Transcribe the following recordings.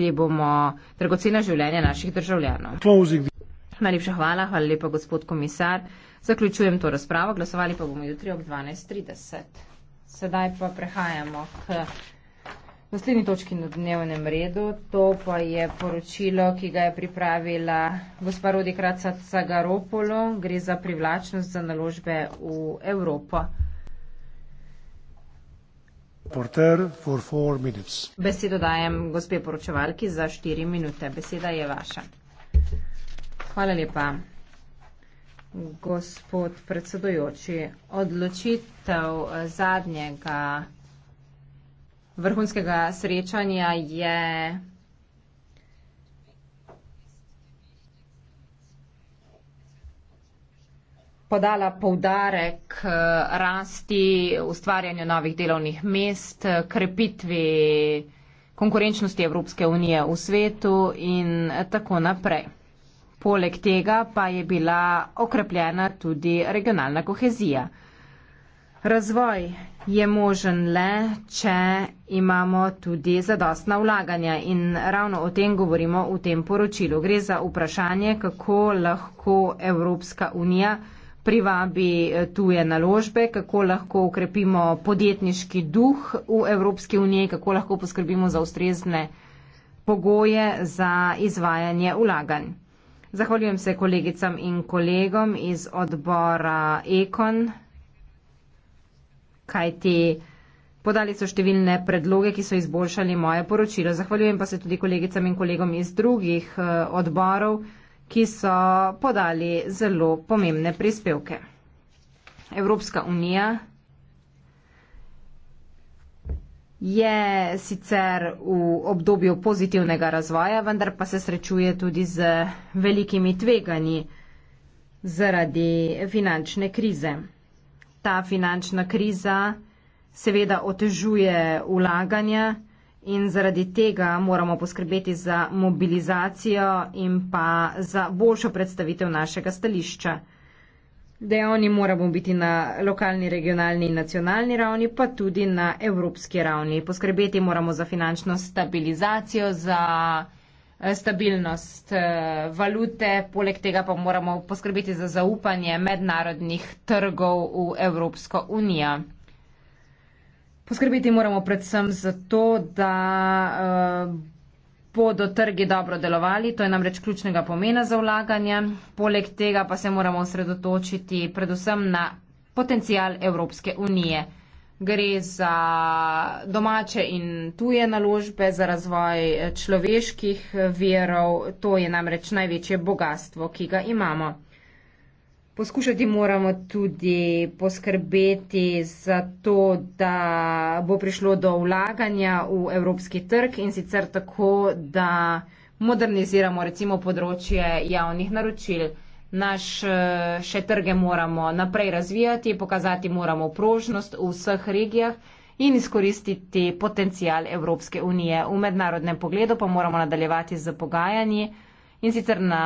ali bomo dragocena življenja naših državljanov. Najlepša hvala, hvala lepa, gospod komisar. Zaključujem to razpravo, glasovali pa bomo jutri ob 12.30. Sedaj pa prehajamo k naslednji točki na dnevnem redu. To pa je poročilo, ki ga je pripravila gospa Rodi Kraca Cagaropolo. Gre za privlačnost za naložbe v Evropo reporter for four minutes. Besedo dajem gospe poročevalki za štiri minute. Beseda je vaša. Hvala lepa. Gospod predsedojoči, odločitev eh, zadnjega vrhunskega srečanja je podala poudarek eh, rasti, ustvarjanju novih delovnih mest, krepitvi konkurenčnosti Evropske unije v svetu in tako naprej. Poleg tega pa je bila okrepljena tudi regionalna kohezija. Razvoj je možen le, če imamo tudi zadostna vlaganja in ravno o tem govorimo v tem poročilu. Gre za vprašanje, kako lahko Evropska unija privabi eh, tuje naložbe, kako lahko ukrepimo podjetniški duh v Evropski uniji, kako lahko poskrbimo za ustrezne pogoje za izvajanje ulaganj. Zahvaljujem se kolegicam in kolegom iz odbora Ekon, kajti podali so številne predloge, ki so izboljšali moje poročilo. Zahvaljujem pa se tudi kolegicam in kolegom iz drugih eh, odborov, ki so podali zelo pomembne prispevke. Evropska unija je sicer v obdobju pozitivnega razvoja, vendar pa se srečuje tudi z velikimi tveganji zaradi finančne krize. Ta finančna kriza seveda otežuje vlaganja, In zaradi tega moramo poskrbeti za mobilizacijo in pa za boljšo predstavitev našega stališča. Dejavni moramo biti na lokalni, regionalni in nacionalni ravni, pa tudi na evropski ravni. Poskrbeti moramo za finančno stabilizacijo, za eh, stabilnost eh, valute, poleg tega pa moramo poskrbeti za zaupanje mednarodnih trgov v Evropsko unijo. Poskrbeti moramo predvsem za to, da eh, bodo trgi dobro delovali, to je namreč ključnega pomena za vlaganje. Poleg tega pa se moramo osredotočiti predvsem na potencial Evropske unije. Gre za domače in tuje naložbe, za razvoj eh, človeških eh, verov, to je namreč največje bogatstvo, ki ga imamo. Poskušati moramo tudi poskrbeti za to, da bo prišlo do vlaganja v evropski trg in sicer tako, da moderniziramo recimo področje javnih naročil. Naš eh, še trge moramo naprej razvijati, pokazati moramo prožnost v vseh regijah in izkoristiti potencial Evropske unije. V mednarodnem pogledu pa moramo nadaljevati z pogajanji in sicer na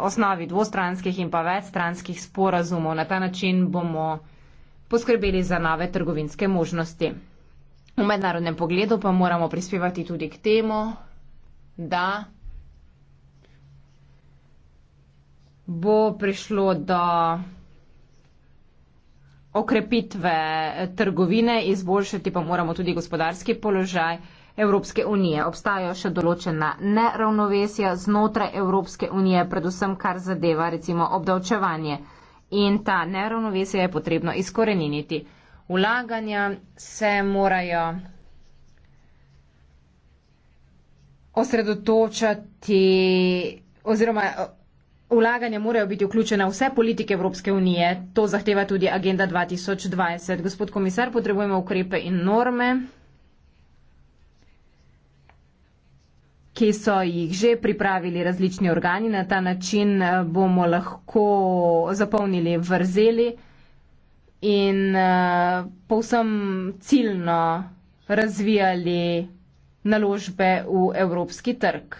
eh, osnovi dvostranskih in pa večstranskih sporazumov. Na ta način bomo poskrbeli za nove trgovinske možnosti. V mednarodnem pogledu pa moramo prispevati tudi k temu, da bo prišlo do okrepitve trgovine, izboljšati pa moramo tudi gospodarski položaj. Evropske unije. Obstajajo še določena neravnovesja znotraj Evropske unije, predvsem kar zadeva recimo obdavčevanje. In ta neravnovesja je potrebno izkoreniniti. Ulaganja se morajo osredotočati oziroma ulaganja morajo biti vključena vse politike Evropske unije. To zahteva tudi agenda 2020. Gospod komisar, potrebujemo ukrepe in norme. ki so jih že pripravili različni organi. Na ta način eh, bomo lahko zapolnili vrzeli in eh, povsem ciljno razvijali naložbe v evropski trg.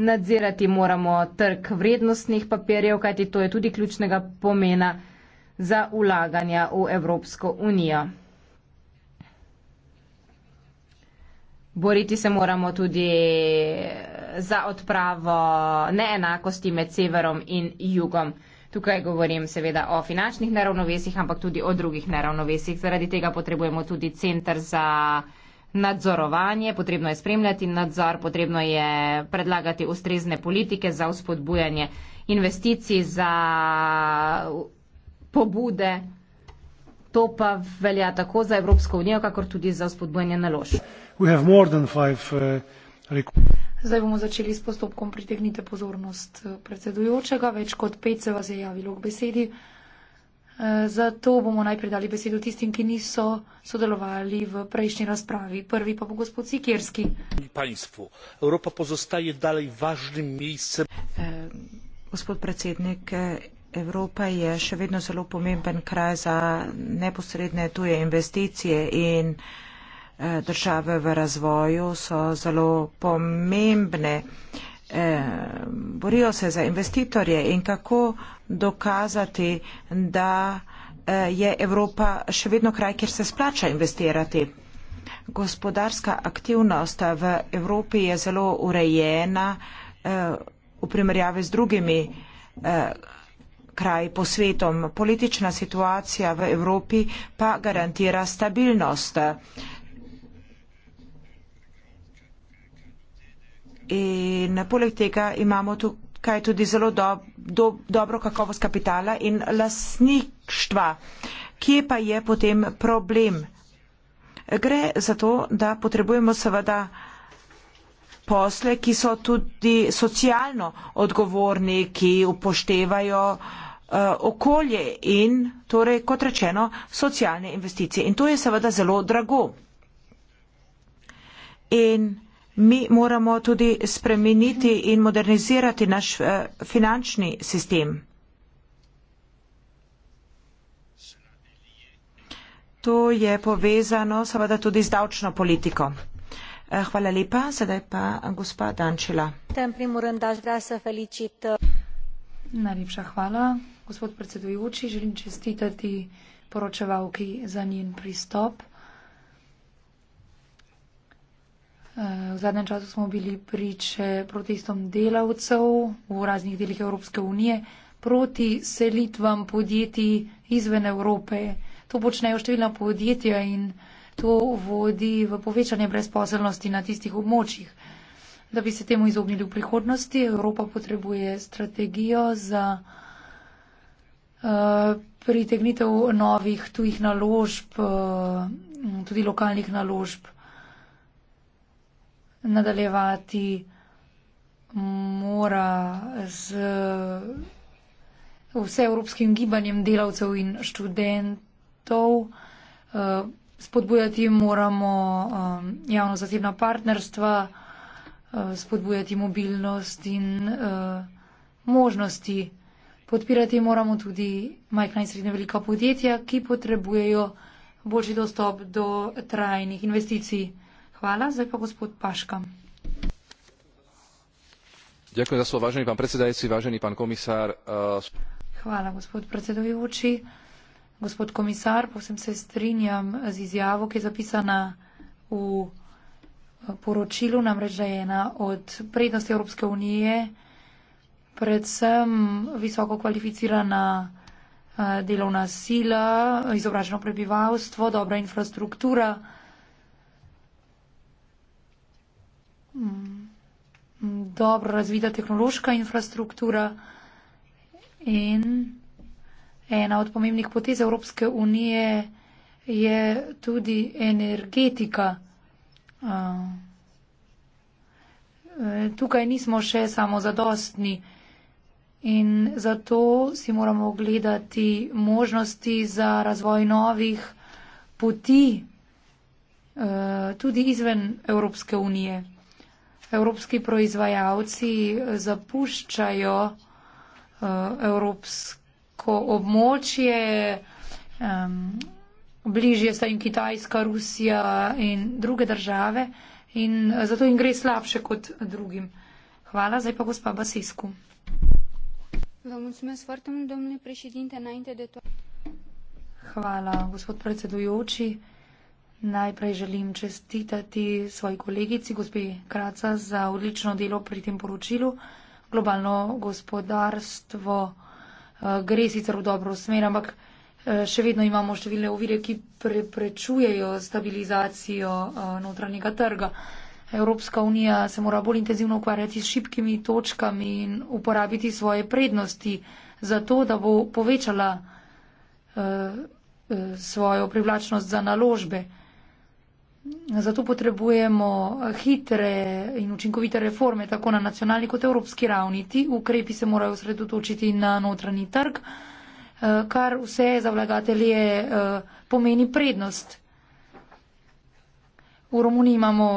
Nadzirati moramo trg vrednostnih papirjev, kajti to je tudi ključnega pomena za ulaganja v Evropsko unijo. Boriti se moramo tudi eh, za odpravo neenakosti med severom in jugom. Tukaj govorim seveda o finančnih neravnovesjih, ampak tudi o drugih neravnovesjih. Zaradi tega potrebujemo tudi centr za nadzorovanje, potrebno je spremljati nadzor, potrebno je predlagati ustrezne politike za vzpodbujanje investicij, za eh, pobude. To pa velja tako za Evropsko unijo, kakor tudi za vzpodbujanje naložb. Uh, Zdaj bomo začeli s postopkom pritegnite pozornost uh, predsedujočega. Več kot pet se vas je javilo k besedi. Uh, zato bomo najprej dali besedo tistim, ki niso sodelovali v prejšnji razpravi. Prvi pa bo gospod Sikerski. Panjstvo, Evropa pozostaje dalej važnim mestom. E, gospod predsednik, e, Evropa je še vedno zelo pomemben kraj za neposredne tuje investicije in Eh, države v razvoju so zelo pomembne. Eh, borijo se za investitorje in kako dokazati, da eh, je Evropa še vedno kraj, kjer se splača investirati. Gospodarska aktivnost v Evropi je zelo urejena v primerjavi z drugimi kraji po svetom. Politična situacija v Evropi pa garantira stabilnost. in poleg tega imamo tukaj tudi zelo do, do, dobro kakovost kapitala in lasništva. Kje pa je potem problem? Gre za to, da potrebujemo seveda posle, ki so tudi socialno odgovorni, ki upoštevajo uh, okolje in, torej, kot rečeno, socialne investicije. In to je seveda zelo drago. In mi moramo tudi spremeniti in modernizirati naš eh, finančni sistem. To je povezano seveda tudi z davčno politiko. Eh, hvala lepa, sedaj pa gospa Dančila. Eh. Najlepša hvala, gospod predsedujoči, želim čestitati poročevalki za njen pristop. V zadnjem času smo bili priče protestom delavcev v raznih delih Evropske unije proti selitvam podjetij izven Evrope. To počnejo številna podjetja in to vodi v povečanje brezposelnosti na tistih območjih. Da bi se temu izognili v prihodnosti, Evropa potrebuje strategijo za uh, pritegnitev novih tujih naložb, uh, tudi lokalnih naložb nadaljevati mora z vseevropskim gibanjem delavcev in študentov, eh, spodbujati moramo eh, javno-zasebna partnerstva, eh, spodbujati mobilnost in možnosti. Podpirati moramo tudi majhna in srednja velika podjetja, ki potrebujejo boljši dostop do trajnih investicij. Hvala. Zdaj pa gospod Paška. Ďakujem za slovo, vážený pán predsedajúci, vážený pán komisár. Uh... Hvala, gospod predsedujúci. Gospod komisár, povsem se strinjam z izjavo, ki je zapisana v eh, poročilu, namreč da je ena od prednosti Evropske unije predvsem visoko kvalificirana eh, delovna sila, izobraženo prebivalstvo, dobra infrastruktura. Uh, Hmm. Hmm, dobro razvita tehnološka infrastruktura in ena od pomembnih potez Evropske unije je tudi energetika. E, tukaj nismo še samo zadostni in zato si moramo ogledati možnosti za razvoj novih poti e, tudi izven Evropske unije evropski proizvajalci eh, zapuščajo eh, evropsko območje, bližje sta jim Kitajska, Rusija in druge države in eh, zato jim gre slabše kot drugim. Hvala, zdaj pa gospa Basisku. Hvala, gospod predsedujoči. Najprej želim čestitati svoji kolegici, gospe Kraca, za odlično delo pri tem poročilu. Globalno gospodarstvo eh, gre sicer v dobro smer, ampak eh, še vedno imamo številne ovire, ki preprečujejo stabilizacijo eh, notranjega trga. Evropska unija se mora bolj intenzivno ukvarjati s šibkimi točkami in uporabiti svoje prednosti za to, da bo povečala svojo privlačnost za naložbe. Zato potrebujemo eh, hitre in učinkovite reforme tako na nacionalni kot evropski ravni. Ti ukrepi se morajo sredotočiti na notranji trg, eh, kar vse za vlagatelje eh, pomeni prednost. V Romuniji imamo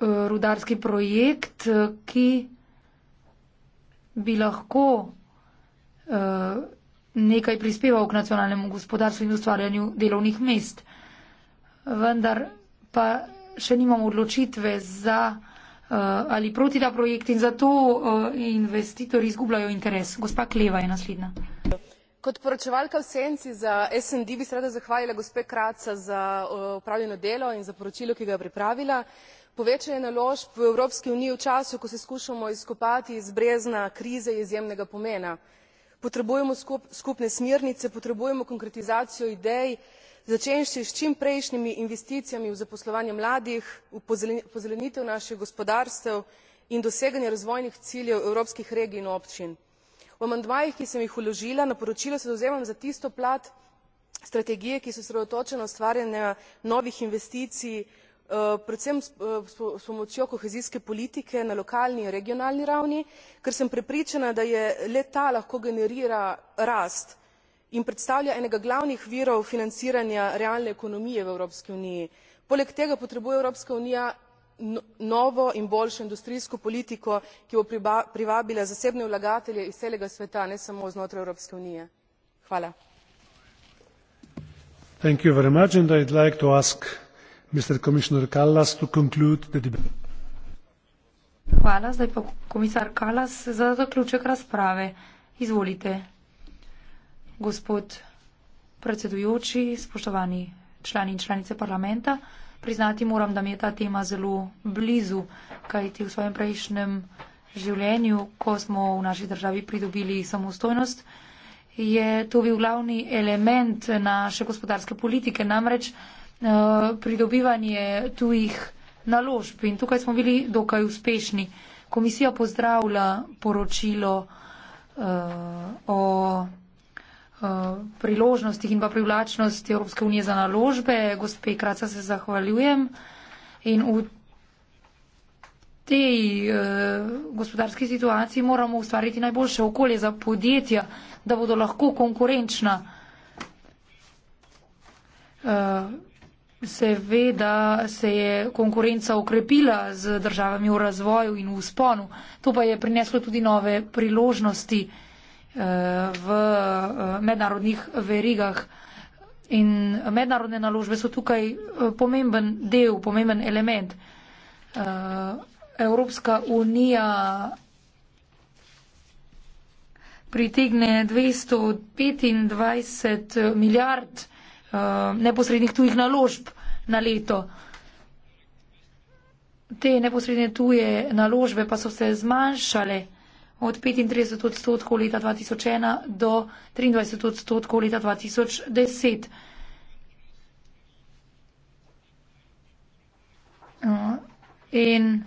rudarski projekt, ki bi lahko nekaj prispeval k nacionalnemu gospodarstvu in ustvarjanju delovnih mest vendar pa še nimamo odločitve za uh, ali proti ta projekt in zato uh, investitorji izgubljajo interes. Gospa Kleva je naslednja. Kot poročevalka v senci za SND bi se rada zahvalila gospe Kraca za eh, opravljeno delo in za poročilo, ki ga je pripravila. Povečanje naložb v Evropski uniji v času, ko se skušamo izkopati iz brezna krize je izjemnega pomena. Potrebujemo skup, skupne smernice, potrebujemo konkretizacijo idej, začenši s čimprejšnjimi investicijami v zaposlovanje mladih v pozelenitev naših gospodarstev in doseganje razvojnih ciljev evropskih regij in občin. v amandmajih ki sem jih vložila na poročilo se zavzemam za tisto plat strategije ki se osredotoča na ustvarjanje novih investicij eh, predvsem eh, s pomočjo kohezijske politike na lokalni in regionalni ravni ker sem prepričana da je le ta lahko generira rast in predstavlja enega glavnih virov financiranja realne ekonomije v evropski uniji. poleg tega potrebuje evropska unija no-, novo in boljšo industrijsko politiko ki bo privabila zasebne vlagatelje iz celega sveta ne samo znotraj evropske unije gospod predsedujoči, spoštovani člani in članice parlamenta. Priznati moram, da mi je ta tema zelo blizu, kajti v svojem prejšnjem življenju, ko smo v naši državi pridobili samostojnost, je to bil glavni element naše gospodarske politike, namreč eh, pridobivanje tujih naložb in tukaj smo bili dokaj uspešni. Komisija pozdravlja poročilo uh, o Eh, priložnostih in pa privlačnosti Evropske unije za naložbe. Gospe Kraca se zahvaljujem. In v tej eh, gospodarski situaciji moramo ustvariti najboljše okolje za podjetja, da bodo lahko konkurenčna. Eh, seveda se je konkurenca okrepila z državami v razvoju in v sponu. To pa je prineslo tudi nove priložnosti. Eh, v eh, mednarodnih verigah. In mednarodne naložbe so tukaj eh, pomemben del, pomemben element. Evropska unija pritegne 225 milijard neposrednih tujih naložb na leto. Te neposredne tuje naložbe pa so se zmanjšale od 35 odstotkov leta 2001 do 23 odstotkov leta 2010. No, in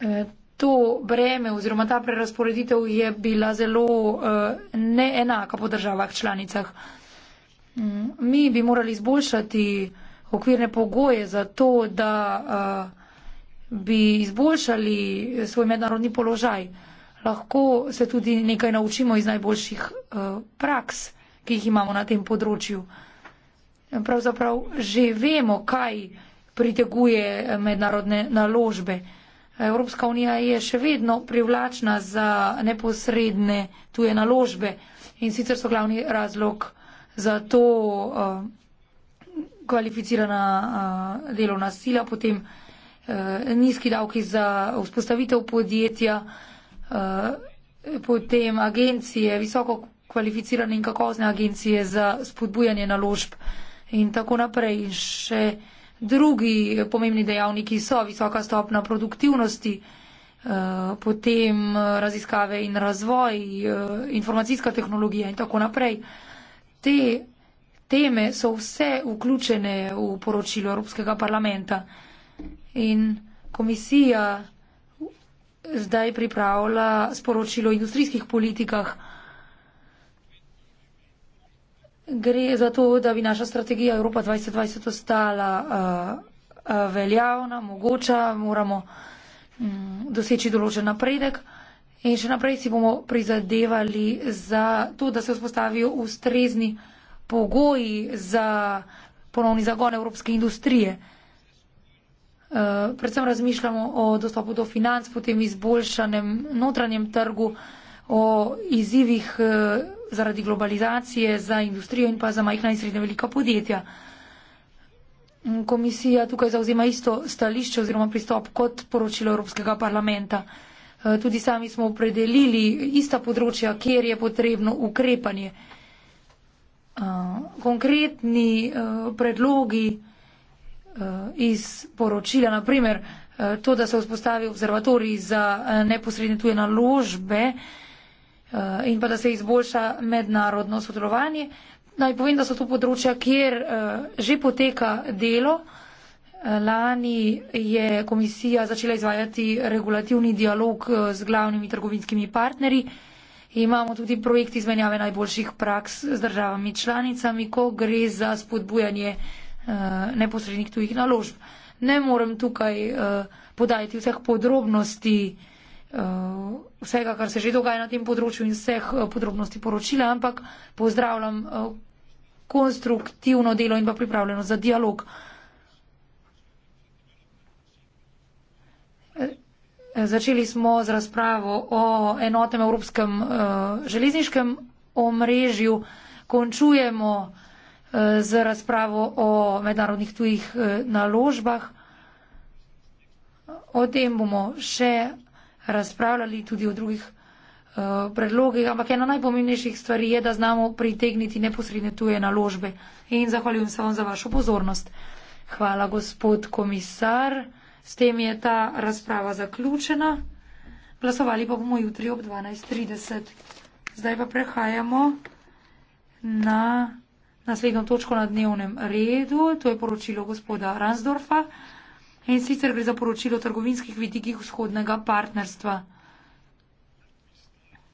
eh, to breme oziroma ta prerasporeditev je bila zelo eh, neenaka po državah članicah. Mm, mi bi morali izboljšati okvirne pogoje za to, da uh, bi izboljšali svoj mednarodni položaj. Lahko se tudi nekaj naučimo iz najboljših eh, praks, ki jih imamo na tem področju. Pravzaprav že vemo, kaj priteguje eh, mednarodne naložbe. Evropska unija je še vedno privlačna za neposredne tuje naložbe in sicer so glavni razlog za to uh, kvalificirana uh, delovna sila, potem uh, Eh, nizki davki za vzpostavitev podjetja, eh, potem agencije, visoko kvalificirane in kakovostne agencije za spodbujanje naložb in tako naprej. In še drugi pomembni dejavniki so visoka stopna produktivnosti, eh, potem raziskave in razvoj, informacijska tehnologija in tako naprej. Te teme so vse vključene v poročilo Evropskega parlamenta in komisija zdaj pripravlja sporočilo o industrijskih politikah. Gre za to, da bi naša strategija Evropa 2020 ostala uh, uh, veljavna, mogoča, moramo um, doseči določen napredek in še naprej si bomo prizadevali za to, da se vzpostavijo ustrezni pogoji za ponovni zagon evropske industrije. Eh, predvsem razmišljamo o dostopu do financ, potem izboljšanem notranjem trgu, o izzivih eh, zaradi globalizacije za industrijo in pa za majhna in srednja velika podjetja. Mm, komisija tukaj zauzema isto stališče oziroma pristop kot poročilo Evropskega parlamenta. Eh, tudi sami smo opredelili ista področja, kjer je potrebno ukrepanje. Konkretni predlogi Eh, iz poročila, naprimer eh, to, da se vzpostavi observatorij za eh, neposredne tuje naložbe in pa da se izboljša mednarodno sodelovanje. Naj povem, da so to področja, kjer že poteka delo. Lani je komisija začela izvajati regulativni dialog z glavnimi trgovinskimi partnerji. Imamo tudi projekt izmenjave najboljših praks z državami članicami, ko gre za spodbujanje Eh, neposrednih tujih naložb. Ne morem tukaj uh, podajati vseh podrobnosti, uh, vsega, kar se že dogaja na tem področju in vseh uh, podrobnosti poročila, ampak pozdravljam uh, konstruktivno delo in pa pripravljeno za dialog. Začeli smo z razpravo o enotnem evropskem uh, železniškem omrežju. Končujemo z razpravo o mednarodnih tujih eh, naložbah. O tem bomo še razpravljali tudi o drugih eh, predlogih, ampak ena najpomembnejših stvari je, da znamo pritegniti neposredne tuje naložbe. In zahvaljujem se vam za vašo pozornost. Hvala, gospod komisar. S tem je ta razprava zaključena. Glasovali pa bomo jutri ob 12.30. Zdaj pa prehajamo na naslednjo točko na dnevnem redu, to je poročilo gospoda Ransdorfa in sicer gre za poročilo o trgovinskih vidikih vzhodnega partnerstva.